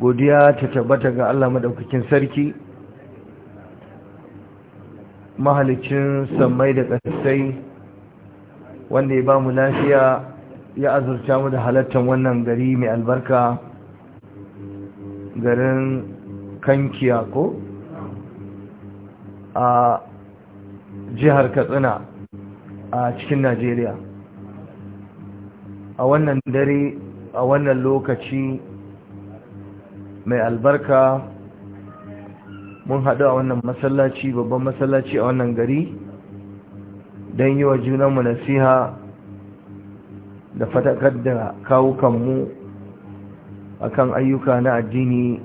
godiya ta tabbata ga Allah maɗaukakin sarki mahalicin samai da ƙasai wanda ya ba mu lafiya ya azurta mu da halattar wannan gari mai albarka garin kankiya ko a jihar katsina a cikin najeriya a wannan dare a wannan lokaci mai albarka mun haɗu a wannan masallaci babban masallaci a wannan gari don yi wa junanmu nasiha da fatakar da kawukanmu kan ayyuka na addini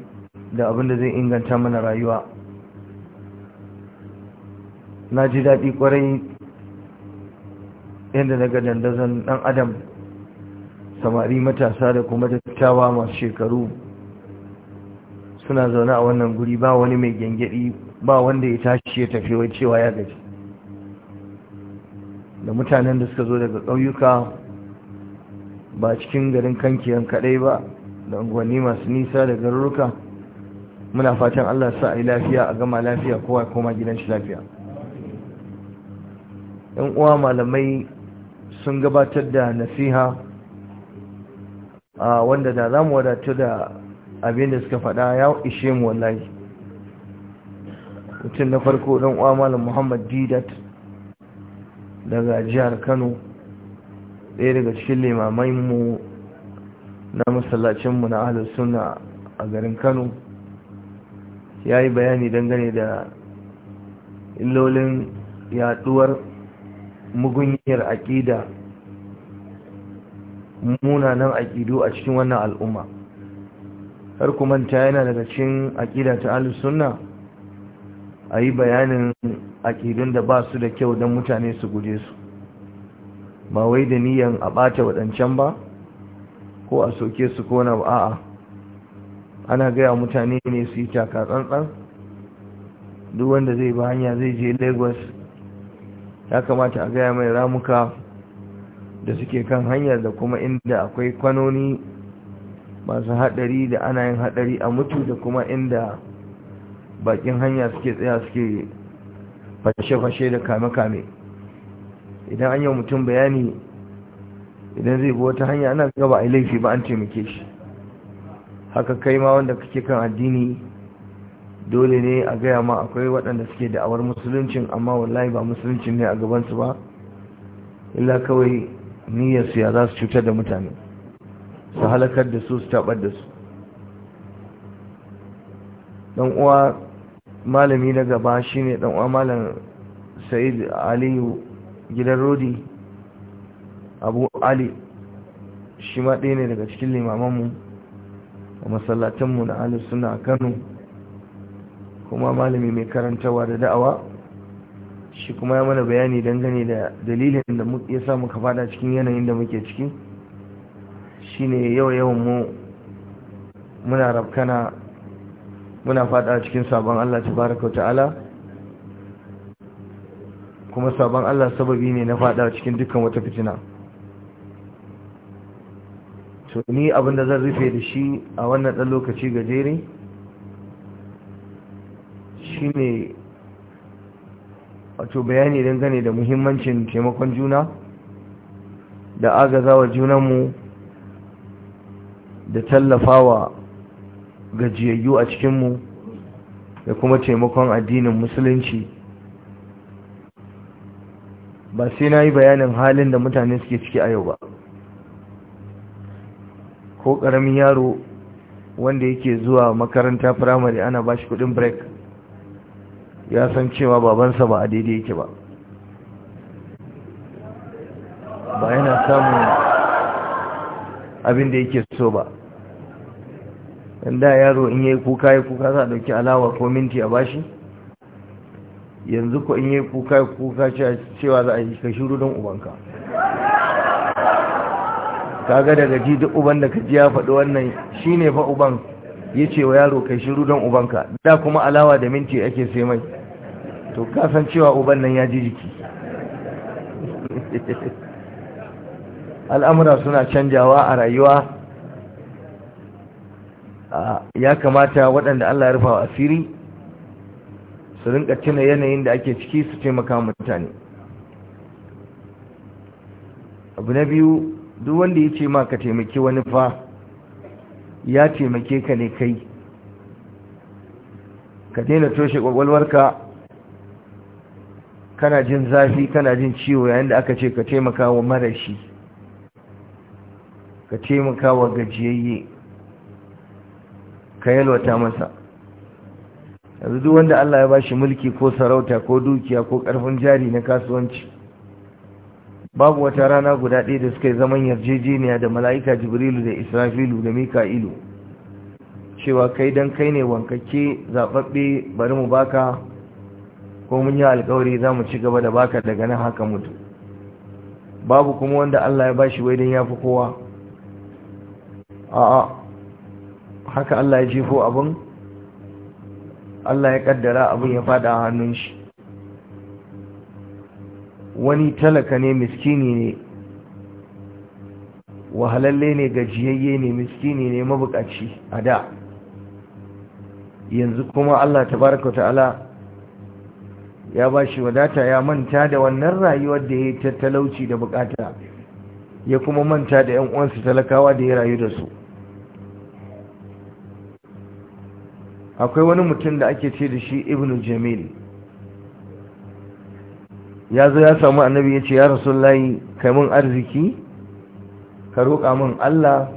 da abin da zai inganta mana rayuwa na ji daɗi ƙwarai yadda daga dandazon ɗan adam samari matasa da kuma dattawa masu shekaru suna zaune a wannan guri ba wani mai gyangyaɗi ba wanda ya tashi ya tafi wai cewa ya gaji da mutanen da suka zo daga ƙauyuka ba cikin garin kankiyan kaɗai ba da unguwanni masu nisa da garuruka muna fatan Allah sa a yi lafiya a gama lafiya kowa koma gidan shi lafiya yan uwa malamai sun gabatar da nasiha a wanda da za mu wadatar da abin da suka faɗa ya ishe mu wallahi mutum na farko ɗan uwa malam muhammad didat daga jihar kano ɗaya daga cikin limamai mu na masallacinmu na ahalar sunna a garin kano ya yi bayani dangane da illolin yaduwar mugunyar aƙida munanan aƙidu a cikin wannan al'umma Karku kuma manta yana daga cikin aƙida ta ahlus A yi bayanin aƙidun da ba su da kyau don mutane su guje su ba wai da niyan a bata waɗancan ba ko a soke su ko na a'a ana gaya mutane ne su yi taka tsantsan duk wanda zai ba hanya zai je lagos ya kamata a gaya mai ramuka da suke kan hanyar da kuma inda akwai kwanoni masu haɗari da ana yin haɗari a mutu da kuma inda bakin hanya suke tsaya suke fashe-fashe da kame-kame idan an yi mutum bayani idan zai bi wata hanya ana gaba a laifi ba an taimake shi haka kai ma wanda kake kan addini dole ne a gaya ma akwai waɗanda suke da'awar musuluncin amma wallahi ba musuluncin ne a gabansu ba illa kawai niyyarsu ya za su cutar da mutane su halakar da su su taɓar da su ɗan uwa malami na gaba ne ɗan uwa malam Sa'id Aliyu gidan Rodi Abu Ali shi ma ɗaya ne daga cikin limamanmu a masallatanmu na Ali suna Kano kuma malami mai karantawa da da'awa shi kuma ya mana bayani dangane da dalilin da ya sa mu cikin yanayin da muke ciki shine yau yawan mu muna rabkana muna fada cikin sabon Allah tabaraka ta'ala kuma sabon Allah sababi ne na fada cikin dukkan wata fitina to ni abinda zan rufe da shi a wannan dan lokaci gajere shine wato bayani dangane da muhimmancin taimakon juna da agazawa junanmu da tallafawa gajiyayyu a cikinmu da kuma taimakon addinin musulunci ba sai na yi bayanin halin da mutane suke ciki a yau ba ko ƙaramin yaro wanda yake zuwa makaranta firamare ana ba shi kudin break ya san cewa babansa ba a daidai yake ba ba yana samun abin da yake so ba dan da yaro in yayi kuka yayi kuka za a dauki alawa ko minti a bashi yanzu ko in yayi kuka kuka cewa za a yi ka shiru don ubanka kaga daga ji duk uban da ka ji ya faɗi wannan shine fa uban ya ce wa yaro kai shiru don ubanka da kuma alawa da minti ake sai mai to kasan cewa uban nan ya ji jiki al'amura suna canjawa a rayuwa ya kamata waɗanda Allah ya rufa wa asiri su rinka tuna yanayin da ake ciki su taimaka mutane abu na biyu duk wanda ya ce ma ka taimaki wani fa ya taimake ka ne kai ka daina toshe kwakwalwarka kana jin zafi kana jin ciwo yayin da aka ce ka taimaka wa marashi ka taimaka wa gajiyayye ka yalwata masa yanzu duk wanda Allah ya bashi mulki ko sarauta ko dukiya ko karfin jari na kasuwanci babu wata rana guda ɗaya da suka yi zaman yarjejeniya da mala'ika jibrilu da israfilu da mika'ilu cewa kai don kai ne wankake zaɓaɓɓe bari mu baka ko mun yi alkawari za mu ci gaba da baka daga nan haka mutu babu kuma wanda Allah ya bashi wai don ya kowa a'a haka Allah ya jefo abin Allah ya kaddara abin ya fada a hannun shi wani talaka ne miskini ne wahalalle ne gajiyayye ne miskini ne mabukaci a da yanzu kuma Allah Ta baraka ta'ala ya ba shi wadata ya manta da wannan rayuwar da ya yi tattalauci da bukata ya kuma manta da 'yan uwansu talakawa da ya rayu da su akwai wani mutum da ake ce da shi ibn jamil ya zo ya samu annabi ya ce ya layi kai mun arziki ka roƙa min Allah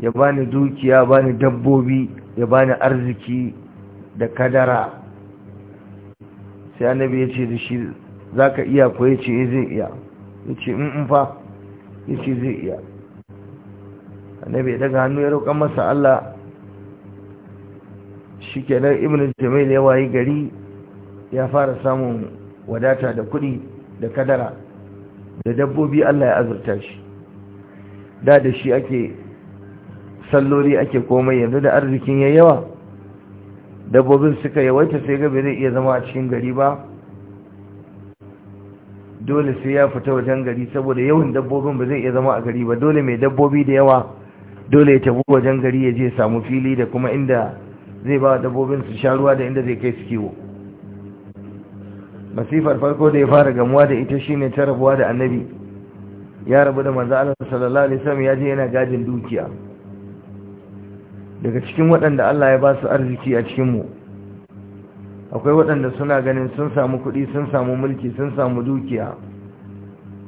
ya bani dukiya bani dabbobi ya bani arziki da kadara sai annabi ya ce da shi za ka iya ko ya ce eh, zai iya ya ce in mm, mm, fa ya ce zai iya annabi ya daga hannu ya roƙa masa Allah shikenan ibnin jamil ya wayi gari ya fara samun wadata da kuɗi da kadara da dabbobi Allah ya azurta shi da da shi ake sallori ake komai yanzu da arzikin ya yawa dabbobin suka yawaita sai gabe zai iya zama a cikin gari ba dole sai ya fita wajen gari saboda yawan dabbobin ba zai iya zama a gari ba dole mai dabbobi da yawa dole ya tafi wajen gari ya je samu fili da kuma inda zai ba dabbobin su sha ruwa da inda zai kai su kiwo masifar farko da ya fara gamuwa da ita shine ta rabuwa da annabi ya rabu da manzo Allah sallallahu alaihi wasallam ya je yana gadin dukiya daga cikin waɗanda Allah ya ba su arziki a cikin mu akwai waɗanda suna ganin sun samu kuɗi sun samu mulki sun samu dukiya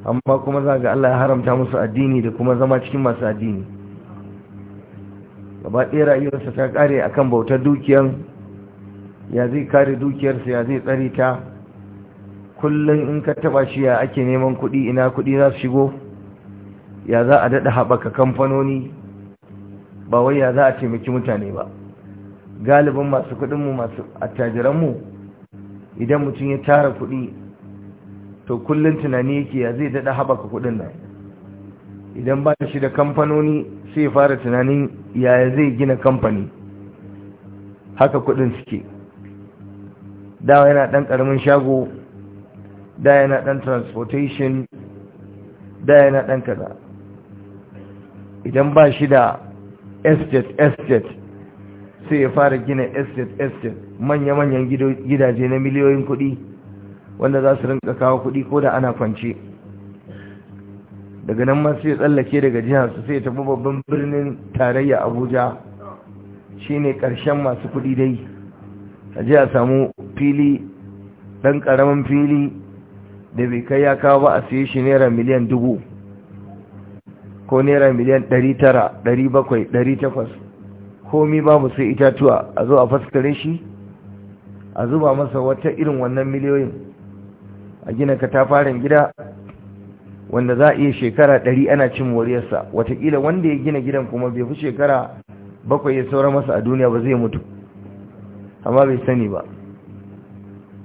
amma kuma za ga Allah ya haramta musu addini da kuma zama cikin masu addini gaba ɗaya rayuwarsa ta ƙare a kan bautar dukiyar ya zai kare dukiyarsa ya zai tsare ta kullum in ka taɓa shi ya ake neman kuɗi ina kuɗi za su shigo ya za a daɗa haɓaka kamfanoni ba wai ya za a taimaki mutane ba galibin masu kuɗinmu masu attajiranmu idan mutum ya tara kuɗi to kullum tunani yake ya zai daɗa haɓaka kuɗin nan idan ba shi da kamfanoni sai ya fara tunanin yaya zai gina kamfani haka kudin suke dawa yana dan karamin shago da yana dan transportation da yana dan kaza idan ba shi da estate estate sai ya fara gina estate estate manya-manyan gidaje na miliyoyin kudi wanda za su rinka kawo kudi ko da ana kwance daga nan ma sai tsallake daga jihar su sai tafi babban birnin tarayya abuja shine karshen masu kudi dai a ji a samu fili dan karamin fili da bai kai ya kawo ba a siye shi naira miliyan dubu ko naira miliyan ɗari tara ɗari bakwai ɗari takwas komi babu sai itatuwa a zo a faskare shi a zuba masa wata irin wannan miliyoyin a gina katafaren gida wanda za a iya shekara ɗari ana cin moriyarsa watakila wanda ya gina gidan kuma bai fi shekara bakwai ya saura masa a duniya ba zai mutu amma bai sani ba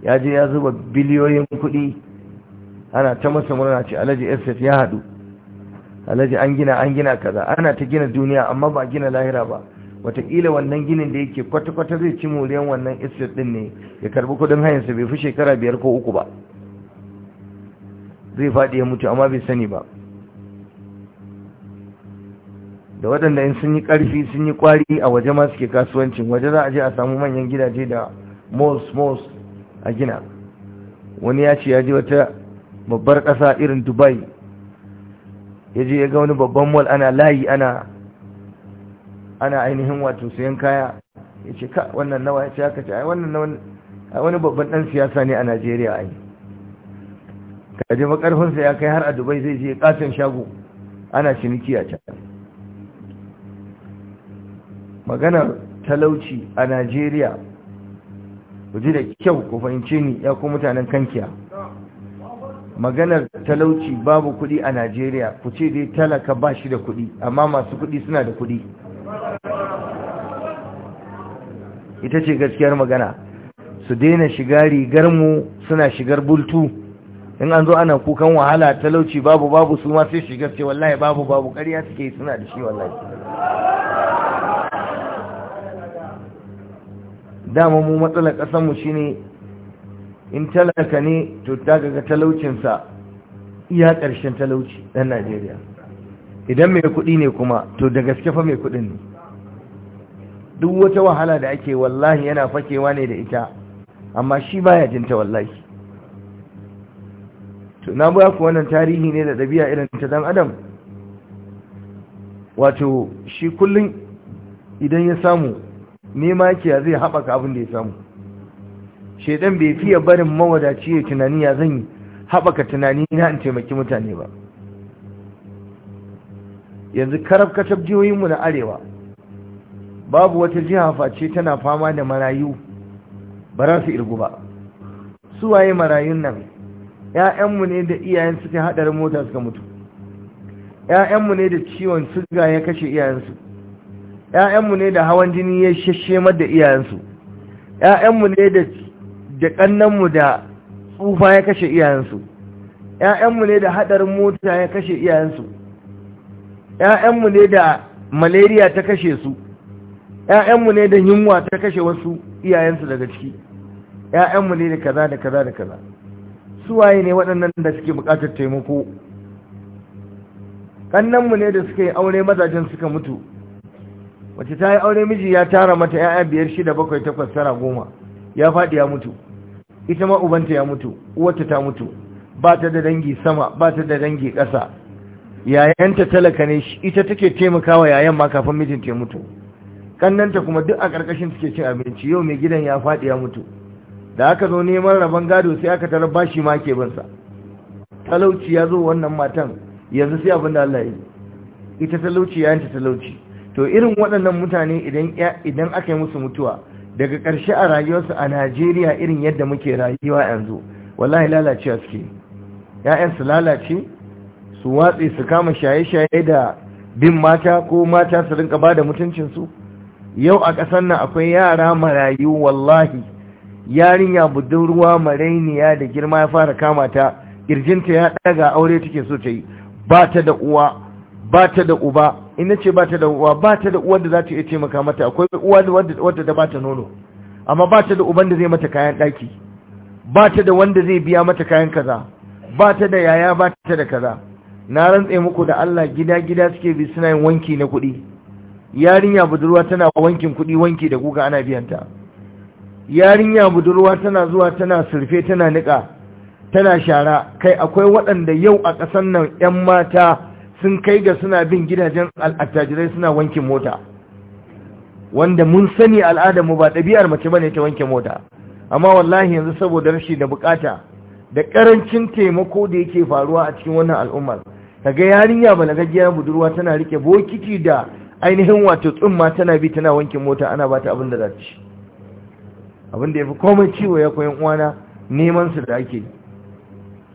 ya je ya zuba biliyoyin kuɗi ana ta masa murna ce alhaji estate ya haɗu alhaji an gina an gina kaza ana ta gina duniya amma ba gina lahira ba watakila wannan ginin da yake kwata-kwata zai ci moriyan wannan estate ɗin ne ya karɓi kuɗin hayansa bai fi shekara biyar ko uku ba zai faɗi ya mutu amma bai sani ba da waɗanda in sun yi ƙarfi sun yi ƙwari a waje ma suke kasuwancin waje za a je a samu manyan gidaje da mos-mos a gina wani ya ce ya je wata babbar ƙasa irin dubai ya je ya ga wani babban mall ana layi ana ana ainihin wato sayan kaya ya ce ka wannan nawa ya ce haka ce wannan wani babban ɗan siyasa ne a najeriya ai kaje makarfinsa ya kai har a dubai zai je kasan shago ana ciniki a can maganar talauci a najeriya ku da kyau ku fahimce ni ya ku mutanen kankiya maganar talauci babu kudi a najeriya ku ce dai talaka ba shi da kudi amma masu kudi suna da kudi ita ce gaskiyar magana su daina shiga rigar mu suna shigar bultu in an zo ana kukan wahala talauci babu babu su ma sai shiga ce wallahi babu babu ƙarya suke yi suna da shi wallahi dama mu matsalar ƙasanmu shine in talaka ne to daga ga talaucinsa iya ƙarshen talauci ɗan najeriya idan mai kuɗi ne kuma to da gaske fa mai kuɗin ne duk wata wahala da ake wallahi yana fakewa ne da ita amma shi baya jinta wallahi to na ba ku wannan tarihi ne da ɗabi'a irin ta dan adam wato shi kullum idan ya samu nema ya zai haɓaka abin da ya samu shaidan bai fiye barin mawadaci ya tunani ya zan haɓaka tunani na in taimaki mutane ba yanzu karafkatar katab jihohinmu na arewa babu wata jiha face tana fama da marayu ba za su irgu ba Su waye marayun nan ‘ya'yanmu ne da iyayen suka haɗarin mota suka mutu ‘ya'yanmu ne da ciwon suga ya kashe iyayensu ‘ya'yanmu ne da hawan jini ya mar da iyayensu ‘ya'yanmu ne da ƙannanmu da tsufa ya kashe iyayensu ‘ya'yanmu ne da haɗarin mota ya kashe iyayensu ‘ya'yanmu ne da malaria ta kashe su ‘ya'yanmu ne da yunwa ta kashe wasu iyayensu daga ciki ‘ya'yanmu ne da kaza da kaza da kaza suwaye ne waɗannan da suke buƙatar taimako ƙannanmu ne da suka yi aure mazajen suka mutu wace ta yi aure miji ya tara mata ya'ya biyar shida bakwai takwas tara goma ya faɗi ya mutu ita ma ubanta ya mutu uwarta ta mutu ba ta da dangi sama ba ta da dangi ƙasa yayanta talaka ne ita take taimakawa yayan ma kafin mijinta ya mutu ƙannanta kuma duk a ƙarƙashin suke cin abinci yau mai gidan ya faɗi ya mutu da aka zo neman rabon gado sai aka tarar bashi ma ke binsa talauci ya zo wannan matan yanzu sai abin da Allah ya yi ita talauci ya yanta talauci to irin waɗannan mutane idan aka yi musu mutuwa daga ƙarshe a rayuwarsu a Najeriya irin yadda muke rayuwa yanzu wallahi lalacewa suke ‘ya'yansu lalace su watsi su kama shaye-shaye da bin mata ko mata su rinka ba da mutuncinsu yau a ƙasar nan akwai yara marayu wallahi yarinya budurwa marainiya da girma ya fara kama ta kirjinta ya daga aure take so ta yi ba ta da uwa ba ta da uba ina ce ba ta da uwa ba ta da uwar da za ta iya taimaka mata akwai uwa wadda ta ba ta nono amma ba ta da uban da zai mata kayan ɗaki ba ta da wanda zai biya mata kayan kaza ba ta da yaya ba ta da kaza na rantse muku da Allah gida-gida suke bi suna yin wanki na kuɗi yarinya budurwa tana wankin kuɗi wanki da guga ana biyanta yarinya budurwa tana zuwa tana surfe tana nika tana shara kai akwai waɗanda yau a ƙasar nan 'yan mata sun kai ga suna bin gidajen al'attajirai suna wankin mota wanda mun sani mu ba ɗabi'ar mace bane ta wanke mota amma wallahi yanzu saboda rashi da bukata da ƙarancin taimako da yake faruwa a cikin wannan al'ummar kaga yarinya balagaggiya budurwa tana rike bokiti da ainihin wato tsumma tana bi tana wankin mota ana bata abin da za ta ci Abin da ya fi komai ciwo ya koyan uwana neman su da ake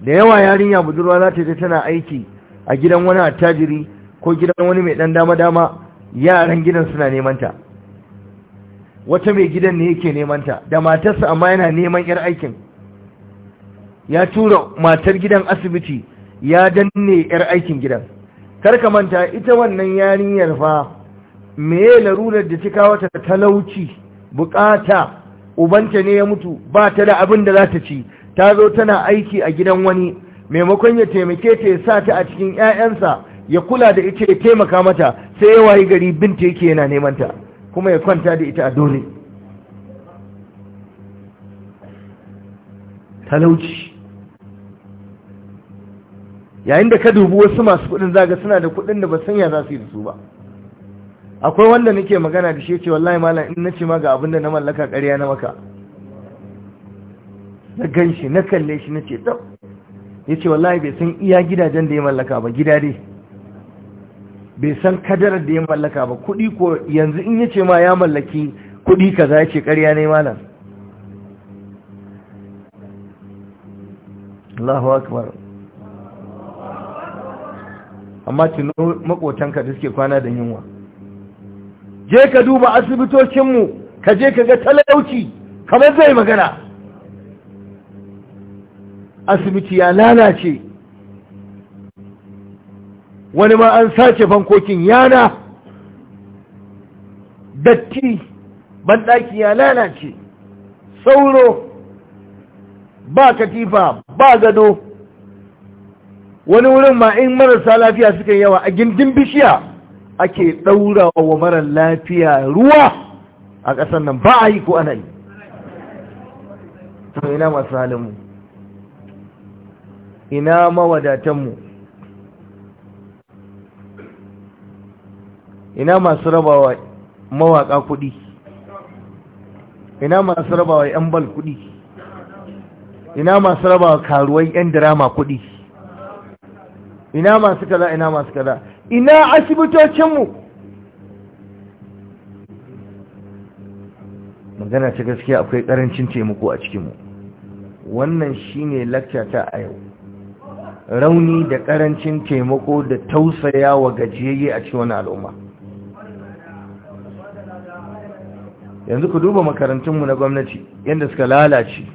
da yawa yarinya budurwa za ta je tana aiki a gidan wani attajiri ko gidan wani mai dan dama-dama yaran gidan suna neman ta wata mai gidan ne yake neman ta da matarsa amma yana neman yar aikin ya tura matar gidan asibiti ya danne yar aikin gidan karka manta ita wannan yarinyar fa meye larurar da ta kawo ta talauci bukata ubanta ne ya mutu ba ta da abin da za ta ci ta zo tana aiki a gidan wani maimakon ya taimake ta ya sa ta a cikin 'ya'yansa ya kula da ita ya taimaka mata sai ya wayi gari binta yake yana neman ta kuma ya kwanta da ita a dole talauci yayin da ka dubi wasu masu kudin zaga suna da kuɗin da ba sanya za su yi da su ba akwai wanda nake magana da shi ce wallahi malam in nace ma ga abin da na mallaka ƙarya na maka na gan shi na kalle shi na ce tsab ya ce wallahi bai san iya gidajen da ya mallaka ba gida dai bai san kadarar da ya mallaka ba kuɗi ko yanzu in ya ce ma ya mallaki kuɗi kaza yace ce ƙarya ne malam Allahu akbar amma tuno makotanka da suke kwana da yunwa je ka duba asibitocinmu ka je ka ga talauci kamar zai magana asibiti ya lalace wani ma an sace bankokin yana datti banɗaki ya lalace sauro ba katifa ba gado wani wurin ma in marasa lafiya suka yawa a gindin bishiya ake ɗaura wa mara lafiya ruwa a ƙasar nan ba a yi ko ana yi to ina masu halinmu ina mawadatanmu ina masu rabawa mawaka kuɗi ina masu rabawa 'yan bal kuɗi ina masu rabawa karuwai 'yan dirama kuɗi ina masu kaza ina masu kaza ina asibitocinmu magana ta gaskiya akwai ƙarancin taimako a cikinmu wannan shine lakca ta a yau rauni da ƙarancin taimako da tausaya wa gajiyayye a cikin al'umma yanzu ku duba makarantunmu na gwamnati yadda suka lalace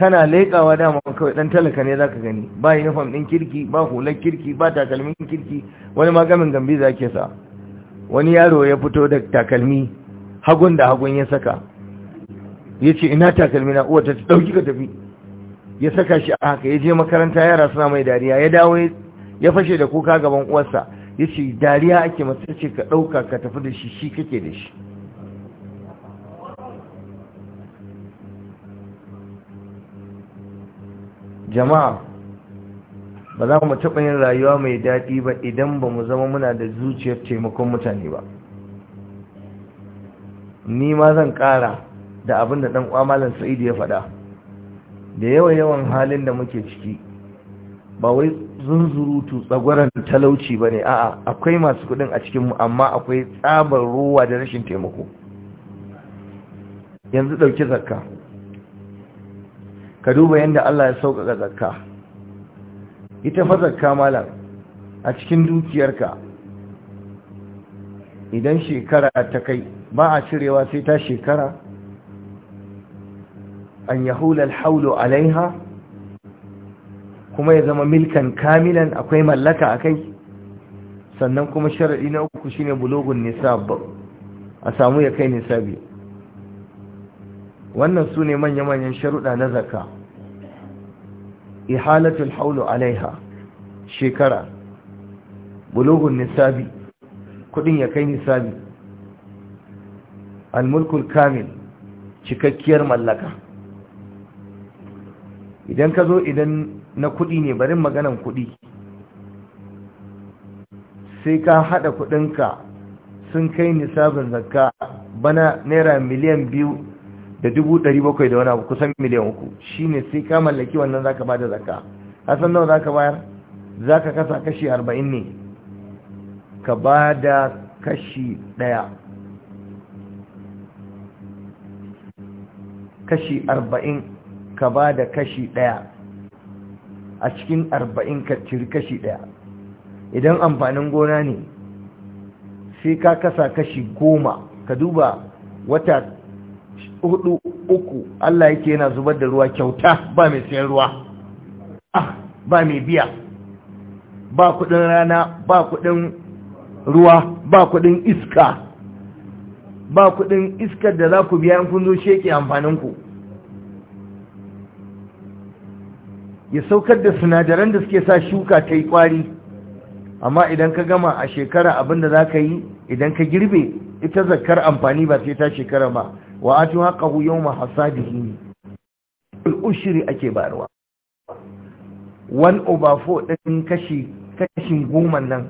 kana leƙawa dama kawai ɗan talaka ne za ka gani ba inifom ɗin kirki ba hular kirki ba takalmin kirki wani magamin gambi za ke sa wani yaro ya fito da takalmi hagun da hagun ya saka ya ce ina takalmi na uwa ta ɗauki ka tafi ya saka shi a haka ya je makaranta yara suna mai dariya ya dawo ya fashe da kuka gaban uwarsa ya ce dariya ake masu ce ka ɗauka ka tafi da shi shi kake da shi jama'a ba za mu taɓa yin rayuwa mai daɗi ba idan ba mu zama muna da zuciyar taimakon mutane ba ni ma zan ƙara da abin da ɗan ƙwamalin sa'idu ya faɗa da yawa yawan halin da muke ciki ba wai zunzurutu tsagwaron talauci ba ne a'a akwai masu kuɗin a cikinmu amma akwai tsabar ruwa da rashin taimako yanzu ɗauki zakka ka duba yadda Allah ya sauƙaƙa zakka ita fa zakka malam a cikin dukiyarka idan shekara ta kai ba a cirewa sai ta shekara an yahula alhaulu alaiha kuma ya zama milkan kamilan akwai mallaka a kai. sannan kuma sharaɗi na uku shine bulogun nisab a samu ya kai nisabi wannan su ne manya-manyan sharuɗa na zaka ihalatul haulu alaiha shekara bulogun nisabi kudin ya kai nisabi almulkul kamil cikakkiyar mallaka idan ka zo idan na kudi ne barin maganan kudi sai ka hada kudinka sun kai nisabin zakka bana naira miliyan biyu da dubu ɗari bakwai da wani abu kusan miliyan uku shi ne sai ka mallaki wannan za ka ba da zaka hasan nawa za ka bayar za ka kasa kashi arba'in ne ka ba da kashi ɗaya kashi arba'in ka ba da kashi ɗaya a cikin arba'in ka ciri kashi ɗaya idan amfanin gona ne sai ka kasa kashi goma ka duba wata hudu uku Allah yake yana zubar da ruwa kyauta ba mai sayan ruwa ah ba mai biya ba kudin rana ba kudin ruwa ba kudin iska ba kudin iskar da za ku biya in kun zo sheke amfaninku ya saukar da sinadaran da suke sa shuka ta yi kwari amma idan ka gama a shekara abinda za ka yi idan ka girbe ita zakar amfani ba sai ta shekara ba wa atu haqqahu yawma hasadihi al ushri ake barwa Wani over four kashi kashin goma nan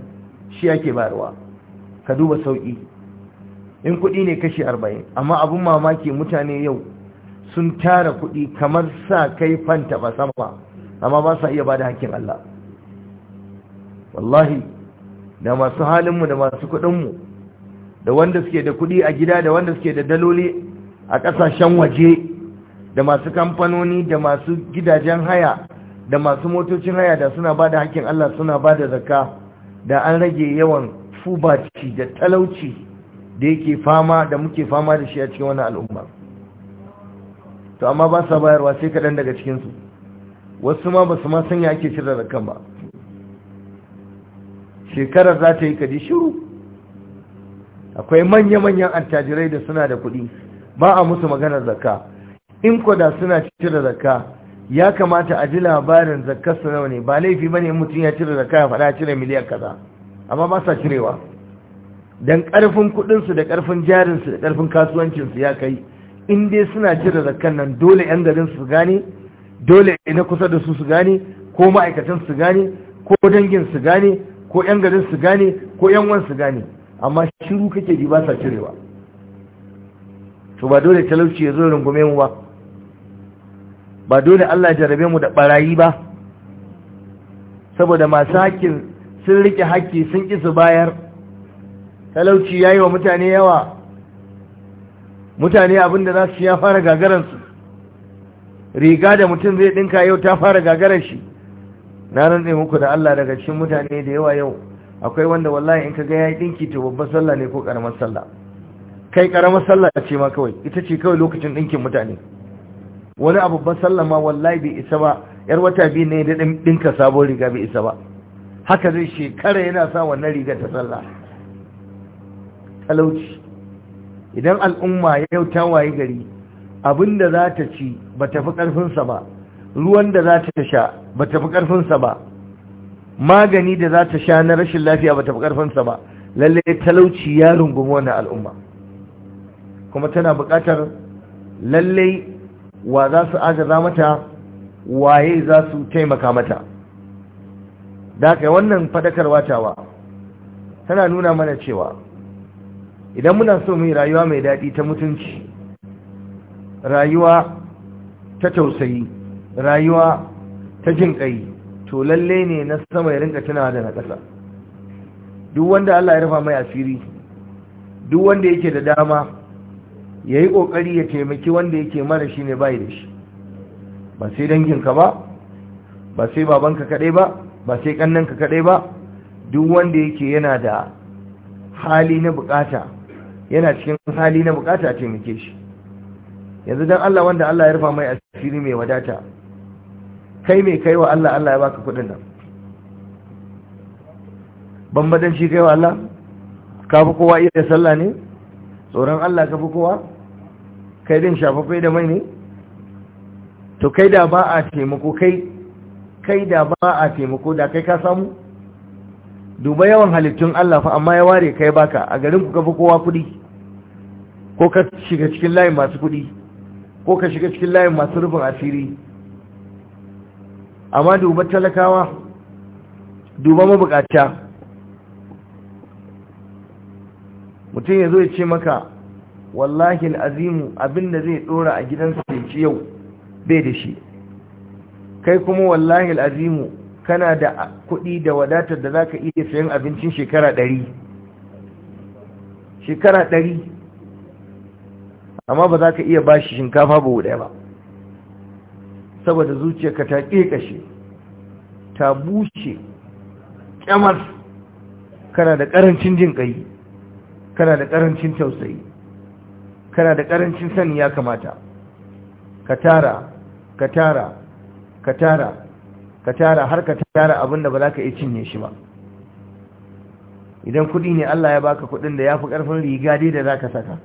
shi ake barwa ka duba sauki in kuɗi ne kashi arba'in amma abin mamaki mutane yau sun tara kuɗi kamar sa kai fanta ba sama amma ba sa iya bada hakkin Allah wallahi da masu halinmu da masu kuɗinmu da wanda suke da kuɗi a gida da wanda suke da daloli a ƙasashen waje da masu kamfanoni da masu gidajen haya da masu motocin haya da suna ba da hakkin Allah suna ba da zaka da an rage yawan fubaci da talauci da yake fama da muke fama da shi a cikin wani al'umma to amma ba sa bayarwa sai kaɗan daga cikinsu wasu ma ba su ma sanya ake cire zakkan ba shekarar za ta yi kadi shiru akwai manya-manyan attajirai da suna da kuɗi ba a musu maganar zakka in kwada suna cire zakka ya kamata a ji labarin zakkar su nawa ne ba laifi bane in mutum ya cire zakka ya faɗa cire miliyan kaza amma ba sa cirewa dan karfin kudin su da karfin jarin su da karfin kasuwancin su ya kai in dai suna cire zakkan nan dole yan garin su gane dole na kusa da su su gane ko ma'aikatan su gane ko dangin su gane ko yan garin su gane ko yan wan su gane amma shiru kake ji ba sa cirewa to ba dole talauci ya zo rungume mu ba ba dole Allah jarabe mu da barayi ba saboda masu hakkin sun rike hakki sun ki su bayar talauci ya yi wa mutane yawa mutane abinda za su ya fara gagaransu riga da mutum zai ɗinka yau ta fara gagarar shi na rantse muku da Allah daga cikin mutane da yawa yau akwai wanda wallahi in ka ga ya ɗinki to babbar sallah ne ko ƙaramar sallah kai karamar sallah ce ma kawai ita ce kawai lokacin ɗinkin mutane wani abubban sallah ma wallahi bai isa ba yar wata biyu ne da ɗinka sabon riga bai isa ba haka zai shekara yana sa wannan riga ta sallah talauci idan al'umma yau ta waye gari abin da za ta ci ba ta fi ƙarfinsa ba ruwan da za ta sha ba ta fi ƙarfinsa ba magani da za ta sha na rashin lafiya ba ta fi ƙarfinsa ba lallai talauci ya rungumi wannan al'umma kuma tana buƙatar lallai wa za su agaza mata waye za su taimaka mata da kai wannan fadakar watawa. tana nuna mana cewa idan muna so mu rayuwa mai daɗi ta mutunci rayuwa ta tausayi rayuwa ta jin ƙai to lalle ne na sama ya rinka tana da na ƙasa duk wanda Allah ya rufa mai asiri duk wanda yake da dama ya yi ƙoƙari ya taimaki wanda yake mara shi ne bai da shi ba sai danginka ba ba sai babanka kaɗai ba ba sai ƙannanka kaɗai ba duk wanda yake yana da hali na bukata yana cikin hali na bukata a taimake shi yanzu don Allah wanda Allah ya rufa mai asiri mai wadata kai mai kai wa Allah Allah ya baka kuɗin nan shi kai wa Allah ka fi kowa iya sallah ne tsoron Allah ka fi kowa kai din shafafai da mai ne to kai da ba a taimako kai kai da ba a taimako da kai ka samu duba yawan halittun Allah fa amma ya ware kai baka a garin ku ka fi kowa kudi ko ka shiga cikin layin masu kudi ko ka shiga cikin layin masu rufin asiri amma duba talakawa duba mabukata mutum ya zo ya ce maka wallahi abin da zai dora a gidansa ya ci yau bai da shi kai kuma wallahi azimu kana da kuɗi da wadatar da za ka iya sayan abincin shekara ɗari shekara ɗari amma ba za ka iya ba shi shinkafa ba wuɗe ba saboda ka ta ƙeƙashe ta bushe ƙyamar kana da ƙarancin jin ƙai kana da ƙarancin tausayi kana da ƙarancin sani ya kamata ka tara ka tara ka tara ka tara har ka tara abinda ba za ka iya cinye shi ba idan kuɗi ne Allah ya baka kuɗin da ya fi ƙarfin riga dai da za ka saka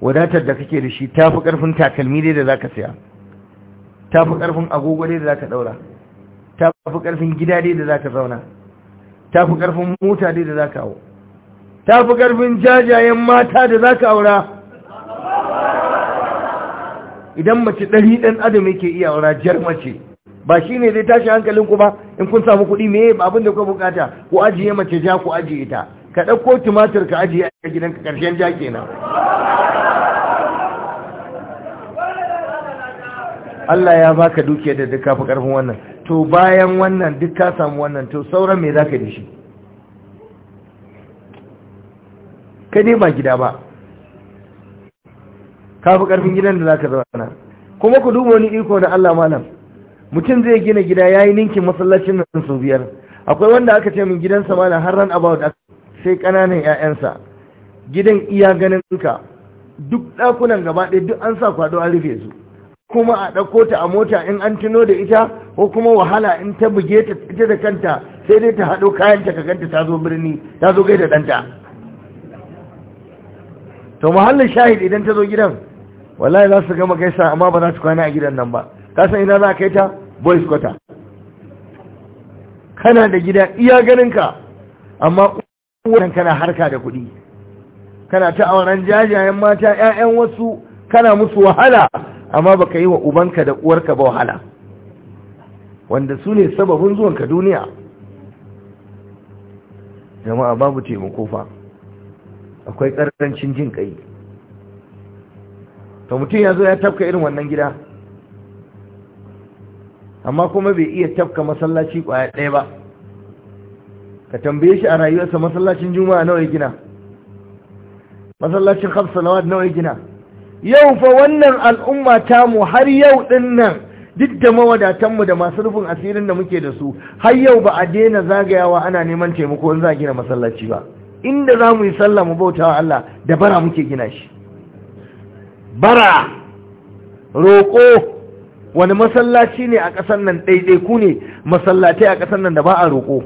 wadatar da kake da shi ta fi ƙarfin takalmi dai da za ka siya ta fi ƙarfin agogo dai da za ka ɗaura ta fi ƙarfin gida dai da za ka zauna ta fi ƙarfin mota dai da za ka hau ta fi ƙarfin jajayen mata da za ka aura idan mace ɗari ɗan adam yake iya aura jar mace ba shi ne zai tashi hankalin ku ba in kun samu kuɗi me ba abin da kuwa bukata ku ajiye mace ja ku ajiye ta ka ɗauko tumatir ka ajiye a gidanka ƙarshen ja kenan Allah ya baka dukiya da duk fi ƙarfin wannan to bayan wannan duk ka samu wannan to sauran me ka da shi kai ne ba gida ba ka fi ƙarfin gidan da za ka zauna kuma ku duba wani iko na Allah malam mutum zai gina gida ya yi ninkin masallacin nan sau biyar akwai wanda aka ce min gidansa malam har ran about sai kananan 'ya'yansa gidan iya ganin ka duk dakunan gaba ɗaya duk an sa kwado an rufe su kuma a ɗauko ta a mota in an tuno da ita ko kuma wahala in ta buge ta ita da kanta sai dai ta haɗo kayanta ka ganta ta zo birni ta zo gaida ɗanta to muhallin shahid idan ta zo gidan wallahi za su gama kai sa, amma ba za su kwana a gidan nan ba ka san ina za a kai ta boys quarter kana da gida iya ganinka amma wannan kana harka da kuɗi kana ta auren jajayen mata 'ya'yan wasu kana musu wahala amma baka yi wa ubanka da uwarka ba wahala wanda su ne sababin zuwanka duniya jama'a babu taimako fa akwai ƙarancin jin ƙai to mutum ya zo ya tafka irin wannan gida amma kuma bai iya tafka masallaci ƙwaya ɗaya ba ka tambaye shi a rayuwarsa masallacin juma'a nawa ya gina masallacin hamsa nawa ya gina yau fa wannan al'umma tamu har yau ɗin nan duk da mawadatanmu da masu rufin asirin da muke da su har yau ba a daina zagayawa ana neman taimako in za a gina masallaci ba inda za mu yi sallah mu bauta wa Allah da bara muke gina shi bara roƙo wani masallaci ne a ƙasar nan ɗaiɗai ku ne masallatai a ƙasar nan da ba a roƙo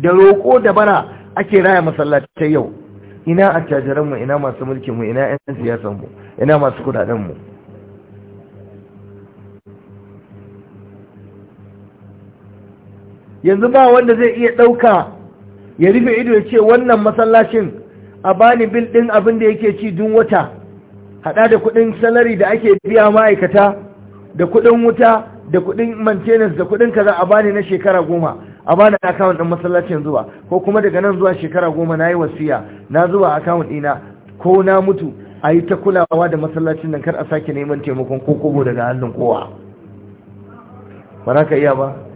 da roƙo da bara ake raya masallatai yau ina attajiranmu ina masu mulkinmu ina 'yan siyasanmu ina masu kudadenmu yanzu ba wanda zai iya ɗauka ya rufe ido ya ce wannan masallacin a bani bil ɗin abin da yake ci dun wata haɗa da kuɗin salari da ake biya ma'aikata da kuɗin wuta da kuɗin maintenance da kuɗin kaza a bani na shekara goma a bani akawun ɗin masallacin zuwa ko kuma daga nan zuwa shekara goma na yi wasiya na zuwa akawun ɗina ko na mutu a yi ta kulawa da masallacin nan kar a sake neman taimakon ko daga hannun kowa ba za ka iya ba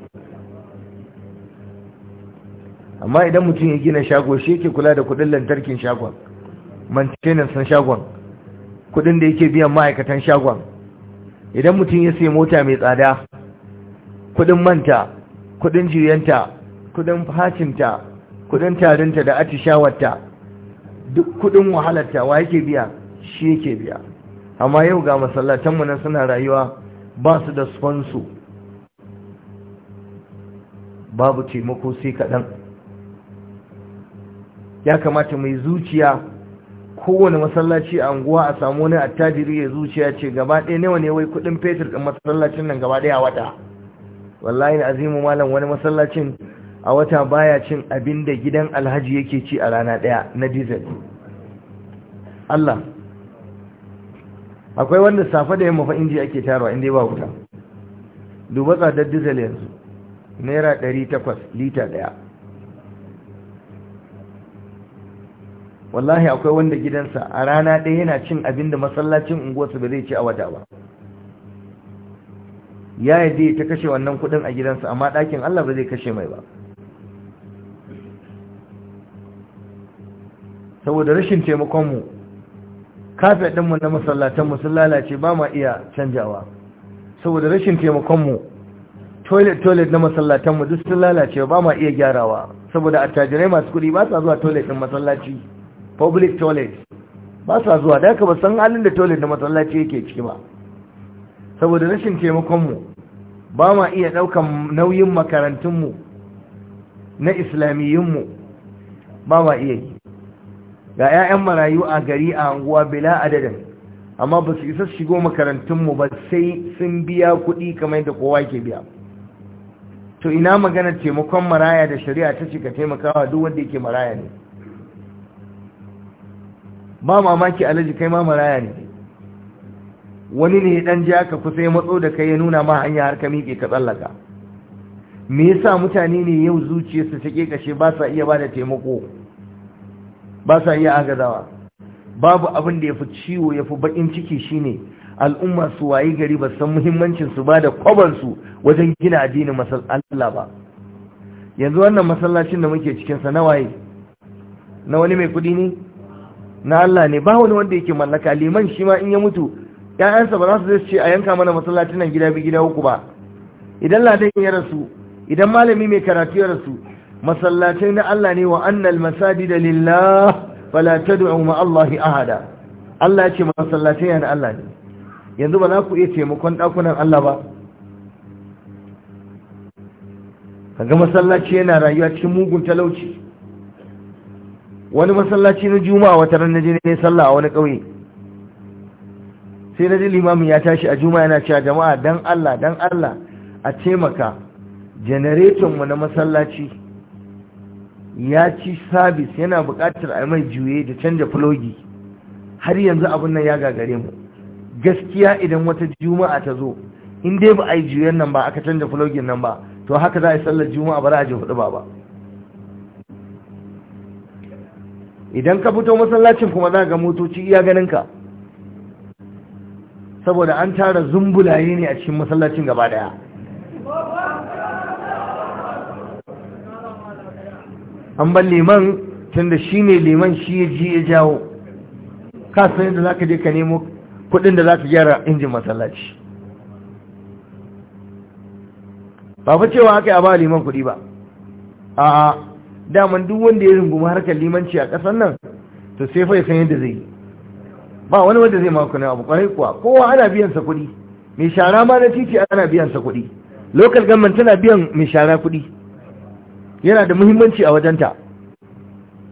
amma idan mutum ya gina shago shi yake kula da kudin lantarkin shagon maintenance na shagon kudin da yake biyan ma'aikatan shagon idan mutum ya sai mota mai tsada kudin manta kudin juyanta kudin hacinta kudin tarinta da atishawarta duk kudin wahalarta wa yake biya shi yake biya amma yau ga masallatanmu na suna rayuwa ba su da sponsor babu taimako sai kaɗan ya kamata mai zuciya kowane masallaci a unguwa a samu wani attajiri ya zuciya ce gaba ɗaya nawa ne wai kuɗin fetur ɗin masallacin nan gaba ɗaya a wata wallahi na azimu malam wani masallacin a wata baya cin abin da gidan alhaji yake ci a rana ɗaya na diesel Allah akwai wanda safe da yamma fa inji ake tarawa inda ba wuta duba tsadar diesel yanzu naira 800 lita ɗaya wallahi akwai wanda gidansa a rana ɗaya yana cin abin da masallacin unguwarsa ba zai ci a wata ba ya yi zai ta kashe wannan kudin a gidansa amma ɗakin Allah ba zai kashe mai ba saboda rashin taimakonmu kafin ɗinmu na masallatanmu sun lalace ba ma iya canjawa saboda rashin taimakonmu toilet-toilet na masallatanmu duk sun lalace ba ma iya gyarawa saboda attajirai masu kuɗi ba sa zuwa toilet ɗin masallaci public toilet ba sa zuwa da ka ba san halin da toilet na masallaci yake ciki ba saboda rashin taimakonmu ba ma iya ɗaukan nauyin makarantunmu na islamiyyunmu ba ma iya yi ga 'ya'yan marayu a gari a anguwa bila adadin amma ba su isa shigo makarantunmu ba sai sun biya kuɗi kamar yadda kowa ke biya to ina maganar taimakon maraya da shari'a ta ce ka taimakawa duk wanda yake maraya ne ba mamaki alaji kai ma maraya ne wani ne dan ja ka kusa ya matso da kai ya nuna ma hanya har ka miƙe ka tsallaka me yasa mutane ne yau zuciyarsu take kashe ba sa iya bada taimako ba sa iya agazawa babu abin da yafi ciwo yafi bakin ciki shine al'umma su wayi gari ba san muhimmancin su ba da kwabar su wajen gina addinin Allah ba yanzu wannan masallacin da muke cikin sa na waye na wani mai kudi ne na Allah ne ba wani wanda yake mallaka liman shi ma in ya mutu ƴaƴansa ba za su ce a yanka mana masallacin nan gida bi gida uku ba idan ladan ya rasu idan malami mai karatu ya rasu masallacin na Allah ne wa annal da lillah fala tad'u ma Allah ahada Allah ce ya na Allah ne yanzu ba za ku iya taimakon dakunan Allah ba kaga masallaci yana rayuwa cikin mugun talauci wani masallaci na juma'a wata ran naje ne sallah a wani ƙauye sai naje limamin ya tashi a juma'a yana cewa jama'a dan Allah dan Allah a taimaka janareton mu na masallaci ya ci sabis yana buƙatar a mai juye da canja flogi har yanzu abin nan ya gagare mu gaskiya idan wata juma'a ta zo in dai ba a yi juyen nan ba aka canja fulogin nan ba to haka za a yi sallar juma'a ba za a je hudu ba ba idan ka fito masallacin kuma za ga motoci iya ganin ka saboda an tara zumbulaye ne a cikin masallacin gaba daya an ban liman da shi ne liman shi ya ji ya jawo ka san yadda za ka je ka nemo kudin da za ka gyara injin masallaci ba fi cewa aka yi a ba liman kudi ba a'a daman duk wanda ya rungumi harkar limanci a ƙasar nan to sai fa ya san yadda zai yi ba wani wanda zai maka na abu kwarai kuwa kowa ana biyan sa kuɗi mai shara ma na titi ana biyan sa kuɗi Lokal government tana biyan mai shara kuɗi yana da muhimmanci a ta.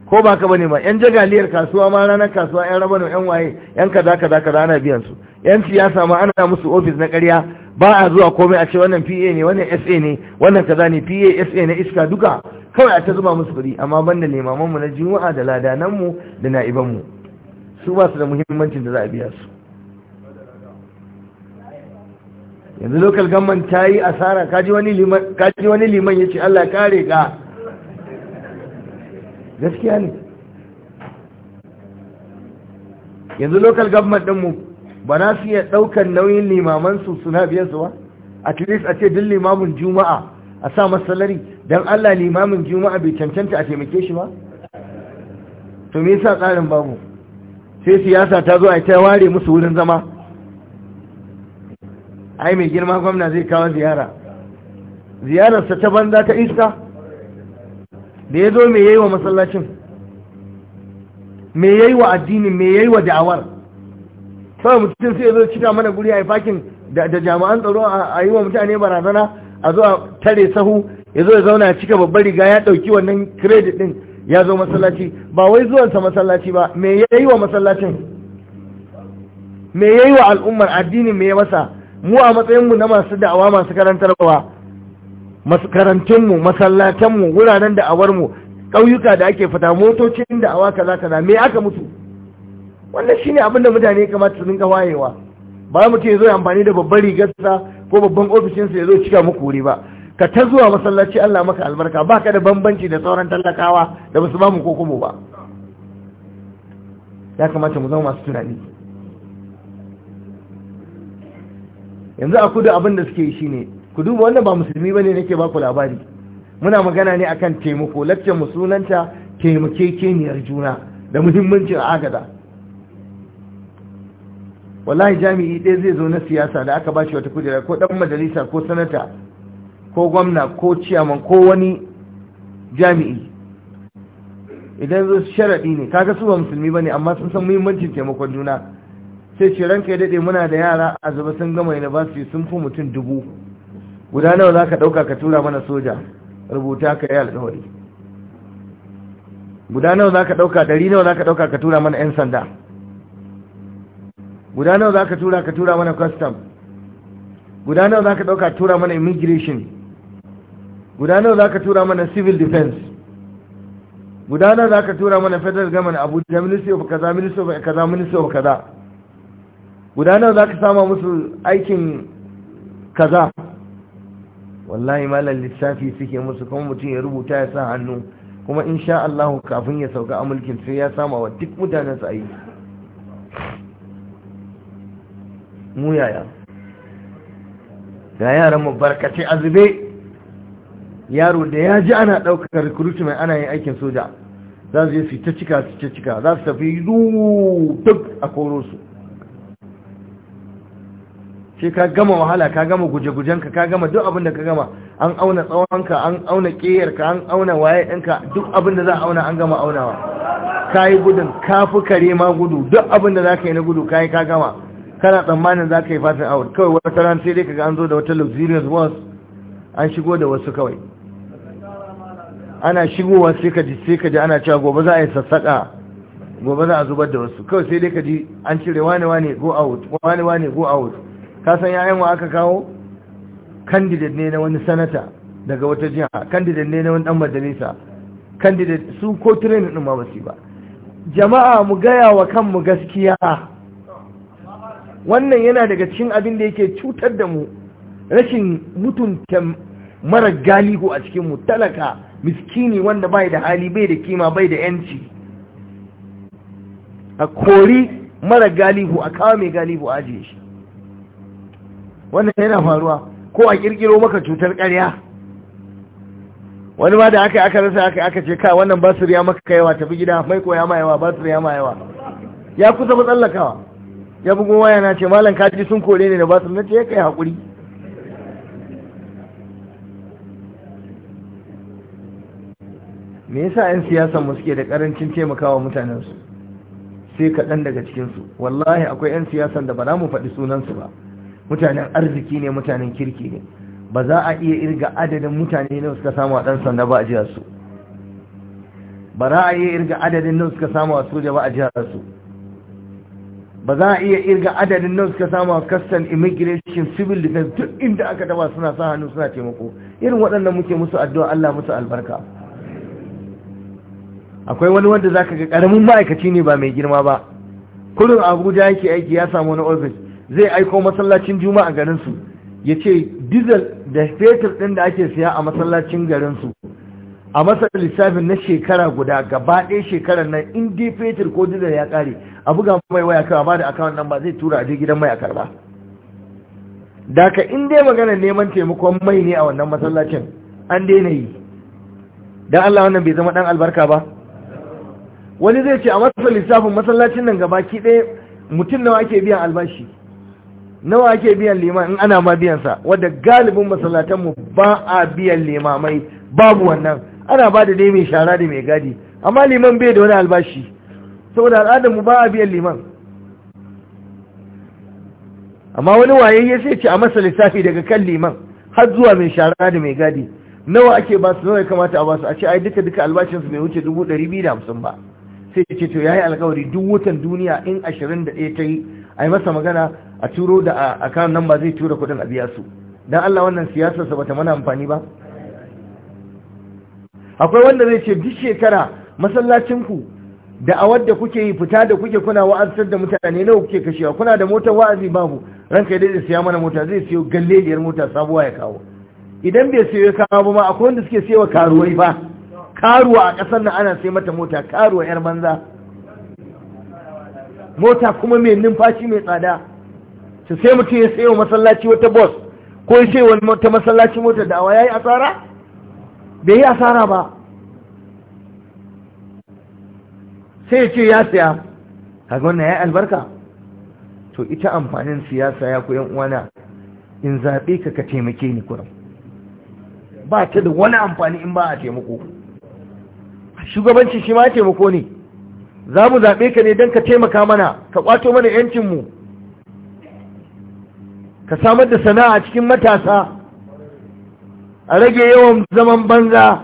ko ba ka bane ma yan jagaliyar kasuwa ma ranar kasuwa yan rabano yan waye yan kaza kaza kaza ana biyan su yan siyasa ma ana musu ofis na ƙarya ba a zuwa komai a ce wannan PA ne wannan SA ne wannan kaza ne PA SA na iska duka kawai a ta zuba musu kuɗi amma banda limaman mu na juma'a da ladanan mu da na'iban mu su ba su da muhimmancin da za a biya su yanzu local government ta yi asara kaji wani liman kaji wani liman yace Allah kare ka gaskiya ne yanzu local government din mu ba na su iya ɗaukar nauyin limamansu suna biyansu ba at least a ce duk limamin juma'a a sa masalari don allah limamin juma'a bai cancanta a taimake shi ba to me yasa tsarin babu sai siyasa ta zo a ta ware musu wurin zama ai mai girma gwamna zai kawo ziyara ziyararsa ta banza ta iska da ya zo me yayi wa masallacin me yayi wa addinin me yayi wa da'awar kawai mutum sai ya zo cika mana guri a yi fakin da jami'an tsaro a yi wa mutane barazana a zo tare sahu ya zo ya zauna a cika babbar riga ya ɗauki wannan kiredit ɗin ya zo masallaci ba wai zuwansa masallaci ba me ya yi wa masallacin me ya yi wa al'ummar addini me ya masa mu a matsayinmu na masu da'awa masu karantarwa masu karantunmu masallatanmu wuraren da'awarmu ƙauyuka da ake fita motocin da'awa kaza kaza me aka mutu wannan shine abin da mutane kamata su dinga wayewa ba mutum ya zo amfani da babbar rigarsa ko babban ofishin ya zo cika muku wuri ba ka ta zuwa masallaci Allah maka albarka baka da bambanci da sauran talakawa da basu ba mu ko kuma ba ya kamata mu zama masu tunani yanzu a kudu abin da suke yi shine ku duba wannan ba musulmi bane nake ba ku labari muna magana ne akan taimako lacce mu sunanta taimakekeniyar juna da muhimmancin agada wallahi jami'i ɗaya zai zo na siyasa da aka bashi wata kujera ko ɗan majalisa ko sanata ko gwamna ko ciyaman ko wani jami'i idan zo sharaɗi ne kaga su ba musulmi ba ne amma sun san muhimmancin taimakon juna sai ce ranka ya daɗe muna da yara a zuba sun gama university sun fi mutum dubu guda nawa za ka ɗauka ka tura mana soja rubuta ka yi alƙawari guda nawa za ka ɗauka ɗari nawa za ka ɗauka ka tura mana 'yan sanda guda nawa za ka tura ka tura mana custom guda nawa za ka ɗauka tura mana immigration guda nawa za ka tura mana civil defense guda nawa za ka tura mana federal government abuja ministry of kaza ministry of kaza ministry of kaza guda nawa za ka sama musu aikin kaza wallahi malam lissafi suke musu kuma mutum ya rubuta ya sa hannu kuma insha Allah kafin ya sauka a mulkin sai ya sama wa duk mutanensu aiki mu yaya ga yaran mu barkace azube yaro da ya ji ana ɗaukar recruitment ana yin aikin soja za su yi fita ta cika su ta cika za su tafi duk a koro su ce ka gama wahala ka gama guje-gujenka ka gama duk abin da ka gama an auna tsawonka an auna ƙeyarka an auna waye duk abin da za a auna an gama aunawa ka yi gudun ka fi kare ma gudu duk abin da za ka yi na gudu ka yi ka gama kana tsammanin za ka yi fatin out kawai wata ran sai dai kaga an zo da wata luxurious bus an shigo da wasu kawai ana shigowa sai ka ji sai ka ji ana cewa gobe za a yi sassaƙa gobe za a zubar da wasu kawai sai dai ka ji an cire wani wani go out wani wani go out ka san yayan wa aka kawo candidate ne na wani sanata daga wata jiha candidate ne na wani dan majalisa candidate su ko training din ma ba ba jama'a mu gaya wa kanmu gaskiya wannan yana daga cikin abin da yake cutar da mu rashin mutunta mara galihu a cikin mu talaka miskini wanda bai da hali bai da kima bai da yanci a kori mara galihu a kawo mai galihu a ajiye shi wannan yana faruwa ko a kirkiro maka cutar ƙarya wani ma da aka yi aka rasa aka yi aka ce ka wannan basir ya maka yawa tafi gida mai koya ma yawa basir ya ma yawa ya kusa matsallakawa ya bugo waya na ce malam kaji sun kore ne da basu na ce ya kai hakuri me yasa 'yan siyasan mu suke da karancin taimakawa mutanensu sai kaɗan daga cikinsu wallahi akwai 'yan siyasan da ba za mu faɗi sunansu ba mutanen arziki ne mutanen kirki ne ba za a iya irga adadin mutane ne suka samu a ɗan sanda ba a jihar su ba za a iya irga adadin ne suka samu a soja ba a jihar su ba za a iya irga adadin nan suka samu kastan immigration civil defense duk inda aka taba suna sa hannu suna taimako irin waɗannan muke musu addu'a Allah musu albarka akwai wani wanda za ka ga ƙaramin ma'aikaci ne ba mai girma ba kullum Abuja yake aiki ya samu wani ofis, zai aiko masallacin juma'a garinsu, ya ce diesel da fetur ɗin da ake siya a masallacin garinsu. a matsayin lissafin na shekara guda gaba ɗaya shekarar nan in dai fetur ko dida ya ƙare a buga mai waya kawai ba da akawun nan ba zai tura a je gidan mai a karba da ka in dai maganar neman taimakon mai ne a wannan masallacin an daina yi don allah wannan bai zama ɗan albarka ba wani zai ce a matsayin lissafin masallacin nan gaba ki ɗaya mutum nawa ake biyan albashi nawa ake biyan liman in ana ma biyansa wadda galibin masallatanmu ba a biyan limamai babu wannan ana ba da dai mai shara da mai gadi amma liman bai da wani albashi saboda al'adar mu ba a biyan liman amma wani wayayye sai ce a masa lissafi daga kan liman har zuwa mai shara da mai gadi nawa ake ba su nawa ya kamata a ba su a ce ai duka duka albashinsu bai wuce dubu ɗari biyu da hamsin ba sai ce to yi alkawari duk wutan duniya in ashirin da ɗaya ta yi a yi masa magana a turo da a kan nan ba zai tura kuɗin a biya su dan allah wannan siyasar sa bata mana amfani ba akwai wanda zai ce duk shekara masallacinku da a wadda kuke yi fita da kuke kuna wa'azar da mutane nawa kuke kashewa kuna da motar wa'azi babu ranka dai siya mana mota zai siyo galleliyar mota sabuwa ya kawo idan bai siyo ya kawo ba akwai wanda suke siyowa karuwai ba karuwa a ƙasar nan ana sai mata mota karuwa yar banza mota kuma mai numfashi mai tsada su sai mutum ya sayo masallaci wata bos, ko ya wani wata masallaci mota da awa ya yi asara bai yi asara ba sai ce ya siya kaga wannan ya albarka to ita amfanin siyasa ya ku yan uwana in zaɓe ka ka taimake ni kuram ba ta da wani amfani in ba a taimako shugabanci shi ma taimako ne za mu zaɓe ka ne don ka taimaka mana ka ƙwato mana 'yancinmu ka samar da sana'a cikin matasa a rage yawan zaman banza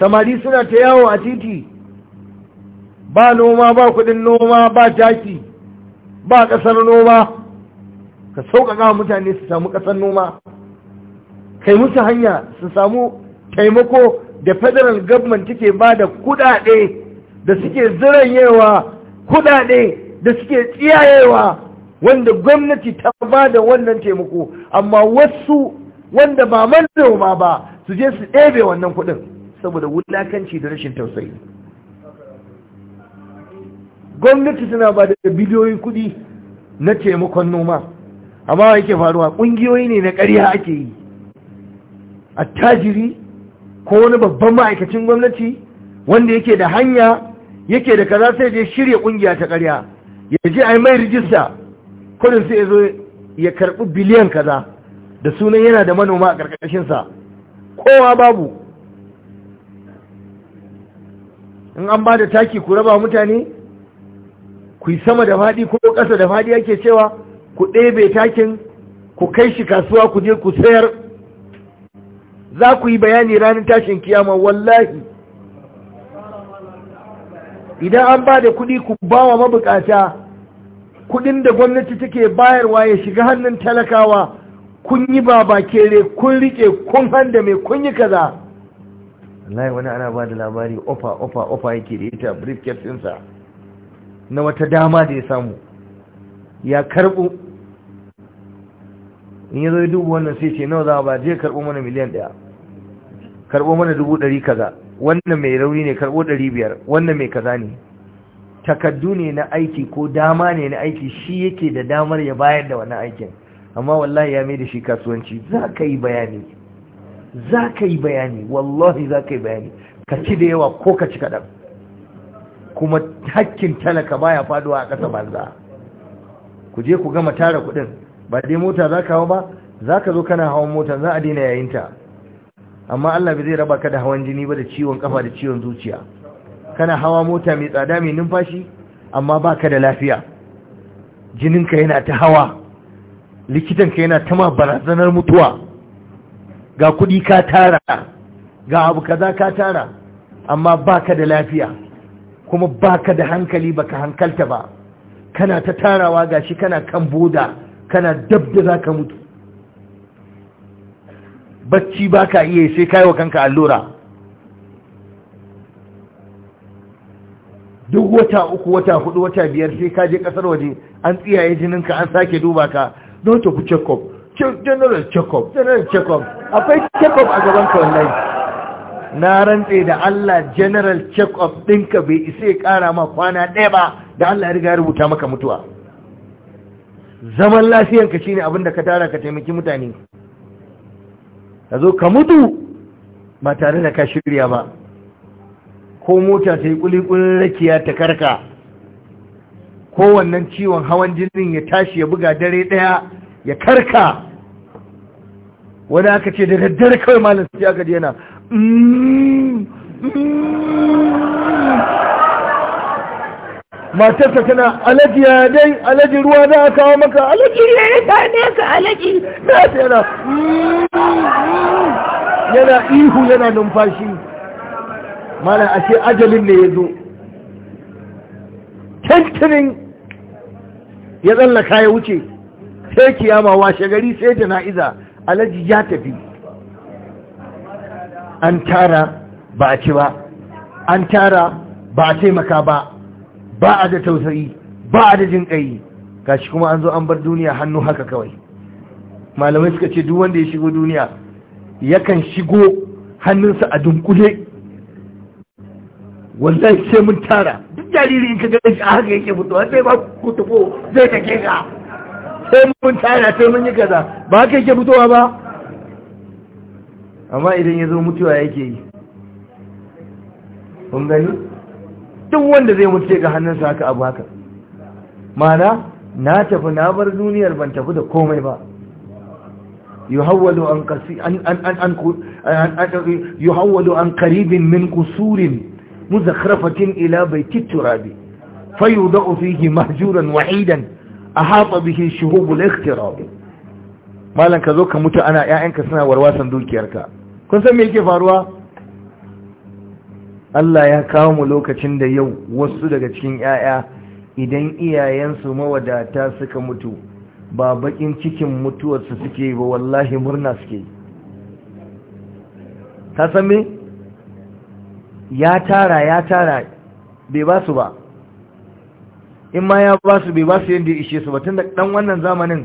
samari suna ta yawo a titi ba noma ba kudin noma ba taki ba kasar noma ka sauƙaƙa mutane su samu ƙasar noma kai musu hanya su samu taimako da federal government take ba da kudade da suke ziranyewa kudade da suke tsiyayewa wanda gwamnati ta ba da wannan taimako amma wasu wanda ba manoma ba su je su ɗebe wannan kuɗin saboda wulakanci da rashin tausayi gwamnati suna ba da biliyoyin kuɗi na taimakon noma amma yake faruwa ƙungiyoyi ne na ƙarya ake yi A tajiri, ko wani babban ma'aikacin gwamnati wanda yake da hanya yake da kaza sai je shirya ƙungiya ta ƙarya ya je a yi mai rijista kudin sai ya zo ya karɓi biliyan kaza da sunan yana da manoma a ƙarƙashinsa kowa babu in an ba da taki ku raba mutane ku yi sama da faɗi ko ƙasa da faɗi ake cewa ku ɗebe takin ku kai shi kasuwa ku je ku sayar za ku yi bayani ranar tashin kiyama wallahi idan an ba da kuɗi ku ba wa mabukata kuɗin da gwamnati take bayarwa ya shiga hannun talakawa kun yi baba kere kun rike kun handa mai kun yi kaza wallahi wani ana ba da labari ofa ofa ofa yake da ita briefcase ɗinsa na wata dama da ya samu ya karɓo in ya zo dubu wannan sai ce nawa za ba je karɓo mana miliyan ɗaya karɓo mana dubu dari kaza wannan mai rauni ne karɓo dari biyar wannan mai kaza ne takaddu ne na aiki ko dama ne na aiki shi yake da damar ya bayar da wannan aikin amma wallahi ya mai da shi kasuwanci za ka yi bayani za ka yi bayani wallahi za ka yi bayani ka ci da yawa ko ka ci kaɗan kuma hakkin talaka baya faduwa a ƙasa banza ku je ku gama tara kuɗin ba dai mota za ka hau ba za ka zo kana hawan mota za a daina yayinta amma Allah bai zai raba ka da hawan jini ba da ciwon kafa da ciwon zuciya kana hawa mota mai tsada mai numfashi amma ba ka da lafiya jininka yana ta hawa Likitan ka yana ta ma barazanar mutuwa ga kudi ka tara ga abu kaza ka tara amma baka da lafiya kuma baka da hankali baka hankalta ba kana ta tarawa gashi kana kan boda kana dab da zaka mutu bacci baka iya sai kai wa kanka allura duk wata uku wata hudu wata biyar sai ka je kasar waje an tsiyaye jininka an sake duba ka don tafi check-up general check-up general check akwai check a gaban ka na rantse da Allah general check-up ɗinka bai isa ya ƙara ma kwana ɗaya ba da Allah ya riga ya rubuta maka mutuwa zaman lafiyanka shine abinda ka tara ka taimaki mutane ka zo ka mutu ba tare da ka shirya ba ko mota ta yi kulikulin rakiya ta karka kowannan ciwon hawan jinin ya tashi ya buga dare ɗaya ya karka wani aka ce da daddare kawai malam sai aka yana mm, mm. matarsa tana alaji ya dai alaji ruwa na a kawo maka alaji ya yi ne ka alaji na tsera mm, yana ihu yana numfashi mana ashe ajalin ne ya zo tattalin ya tsallaka ya wuce sai kiyama washe gari sai jana'iza alaji ya tafi an tara ba a ci ba an tara ba a taimaka ba ba a da tausayi ba a da jin ƙayi gashi kuma an zo an bar duniya hannu haka kawai malamai suka ce duk wanda ya shigo duniya yakan shigo hannunsa a dunkule wallahi sai mun tara duk jariri in ka ga shi a haka yake mutuwa sai ba ku tufo zai take ka sai mun tara sai mun yi kaza ba haka yake mutuwa ba amma idan ya zo mutuwa yake yi kun gani duk wanda zai mutu ga hannunsa haka abu haka mana na tafi na bar duniyar ban tafi da komai ba yuhawwalu an qasi an an an yuhawwalu an qaribin min qusurin muzakhrafatin ila baiti turabi fayudau fihi mahjuran wahidan ahata bikin shuhubul ikhtirab malan ka zo ka mutu ana ƴaƴanka suna warwasan dukiyarka kun san me yake faruwa Allah ya kawo mu lokacin da yau wasu daga cikin 'ya'ya idan iyayensu mawadata suka mutu ba bakin cikin mutuwarsu suke ba wallahi murna suke ta san me ya tara ya tara bai ba su ba in ma ya ba su bai ba su yadda ya ishe su ba tun da ɗan wannan zamanin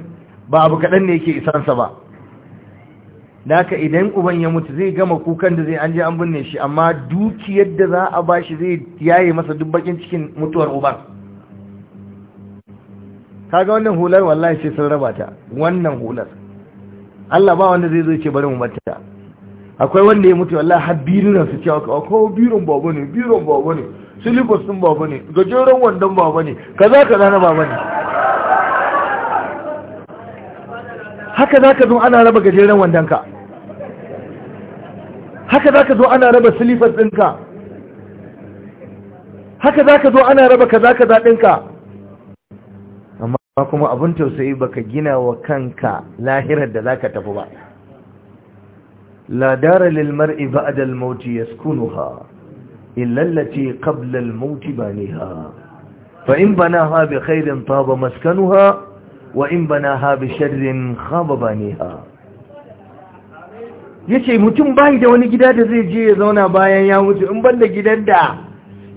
ba abu kaɗan ne yake isansa ba da haka idan uban ya mutu zai gama kukan da zai an je an binne shi amma duki yadda za a ba shi zai yaye masa duk bakin cikin mutuwar uban kaga wannan hular wallahi sai sun raba wannan hular Allah ba wanda zai zo ce bari mu bata akwai wanda ya mutu wallahi har birin su cewa ko birin baba ne birin baba ne silibus din baba ne gajeren wandan baba ne kaza kaza na baba ne haka za ka zo ana raba gajeren wandan ka haka za ka zo ana raba din ɗinka haka za ka zo ana raba kaza kaza ka amma kuma abin tausayi baka gina wa kanka lahirar da za ka tafi ba لا دار للمرء بعد الموت يسكنها إلا التي قبل الموت بانيها فإن بناها بخير طاب مسكنها وإن بناها بشر خاب بانيها yace mutum bai da wani gida da zai je ya zauna bayan ya mutu in ban da gidan da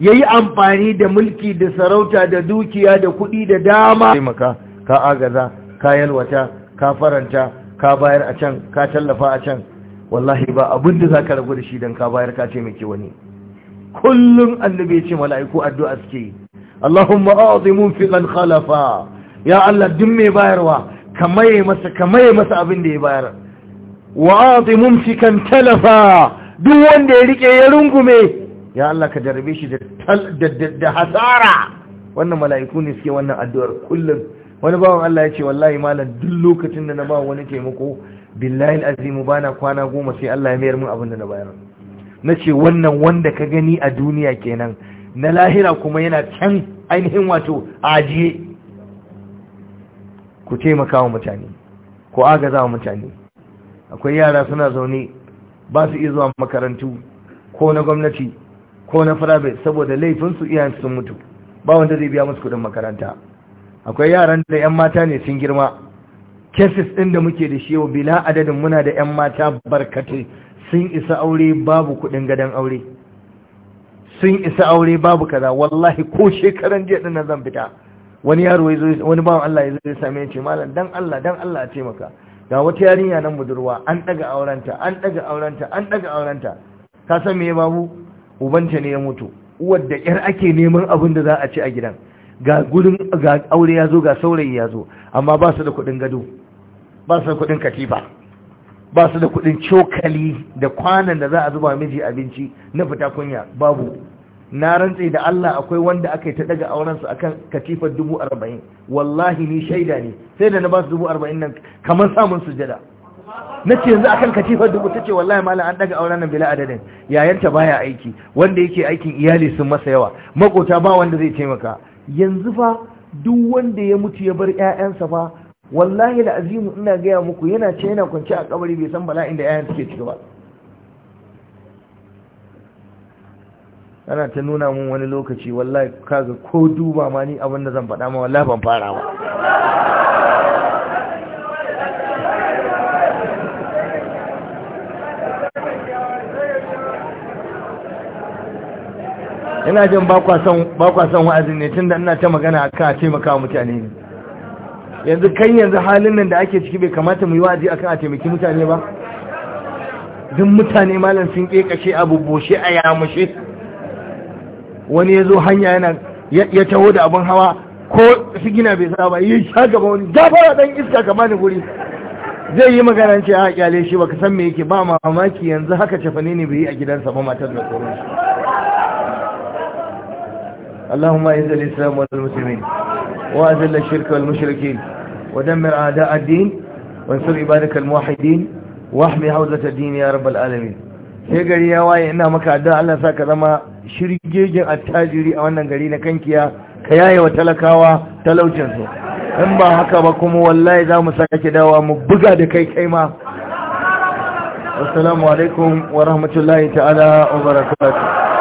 yayi amfani da mulki da sarauta da dukiya da kuɗi da dama maka ka agaza ka yalwata ka faranta ka bayar a can ka tallafa a can wallahi ba abin da za ka rabu da shi don ka bayar ka ce miki wani kullum annabi ya ce mala'iku addu'a suke yi Allahumma fi munfiqan khalafa ya Allah duk mai bayarwa ka maye masa ka masa abin da ya bayar wa fi kan talafa duk wanda ya rike ya rungume ya Allah ka jarabe shi da hasara wannan mala'iku ne suke wannan addu'ar kullum wani bawan Allah ya ce wallahi malam duk lokacin da na ba wani taimako billahi azim bana kwana goma sai Allah ya mayar min abin da na bayar na ce wannan wanda ka gani a duniya kenan na lahira kuma yana can ainihin wato ajiye ku taimaka wa mutane ku agaza wa mutane akwai yara suna zaune ba su iya zuwa makarantu ko na gwamnati ko na firabe saboda laifinsu iyayen sun mutu ba wanda zai biya musu kudin makaranta akwai yaran da 'yan mata ne sun girma cases ɗin da muke da shi yau bila adadin muna da 'yan mata barkatai sun isa aure babu kuɗin gadon aure sun isa aure babu kaza wallahi ko shekaran jiya ɗin zan fita wani yaro ya zo wani bawan Allah ya zo ya same ce malam dan Allah dan Allah a ce maka ga wata yarinya nan budurwa an daga aurenta an daga aurenta an daga aurenta ka san me babu ubanta ne ya mutu uwar da yar ake neman abin da za a ci a gidan ga gurin ga aure ya zo ga saurayi ya zo amma ba su da kuɗin gado ba su da kudin katifa ba su da kudin cokali da kwanan da za a zuba miji abinci na fita kunya babu na rantse da Allah akwai wanda aka yi ta daga aurensu akan katifar dubu arba'in wallahi ni shaida ne sai da na ba su dubu arba'in nan kamar samun sujada na ce yanzu akan katifar dubu ta ce wallahi malam an daga auren nan bila adadin yayanta baya aiki wanda yake aikin iyali sun masa yawa makota ba wanda zai taimaka yanzu fa duk wanda ya mutu ya bar ƴaƴansa fa wallahi da azimu ina gaya muku yana ce yana kwanci a kabari bai san bala'in da yayan suke ciki ba ana ta nuna mun wani lokaci wallahi kaga ko duba ma ni abin da zan faɗa ma wallahi ban fara ba ina jin bakwa son wa'azin ne tun da ina ta magana a kan a taimaka mutane ne yanzu kan yanzu halin nan da ake ciki bai kamata mu yi wa'azi akan a taimaki mutane ba duk mutane malam sun kekashe a bubboshe a yamushe wani ya zo hanya yana ya taho da abin hawa ko su gina bai sa ba yi sha gaba wani gabara dan iska ka ni guri zai yi magana ce a kyale shi baka san me yake ba mamaki yanzu haka cefane ne bai yi a gidansa ba matar da tsoron shi اللهم اعز الاسلام والمسلمين وأذل الشرك والمشركين ودمر أعداء الدين وانصر عبادك الموحدين واحمي حوزة الدين يا رب العالمين sai gari ya waye ina maka addu'a Allah sa ka zama shirgejin attajiri a wannan gari na kankiya ka yaye wa talakawa talaucinsu in ba haka ba kuma wallahi za mu sake dawa mu buga da kai kai ma assalamu wa rahmatullahi ta'ala wa barakatuh